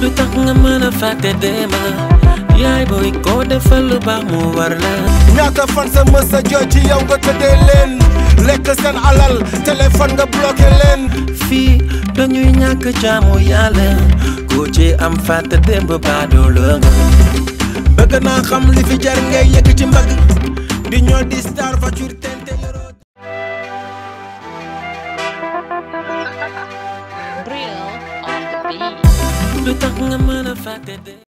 lu tax nga mën a fàtte dema yaay booy koo defal lu baax mu war la ñaata fan sa mës a jooy ci yow nga tëddee leen lekk seen alal téléphone nga bloqué e leen fii dañuy ñàkk jaamu yàlla koo ci am fàtte démb baadoo la nga bëgg naa xam li fi jar ngay yëkk ci mbagg di ñoo di star voiture ten But talking, about am a fact that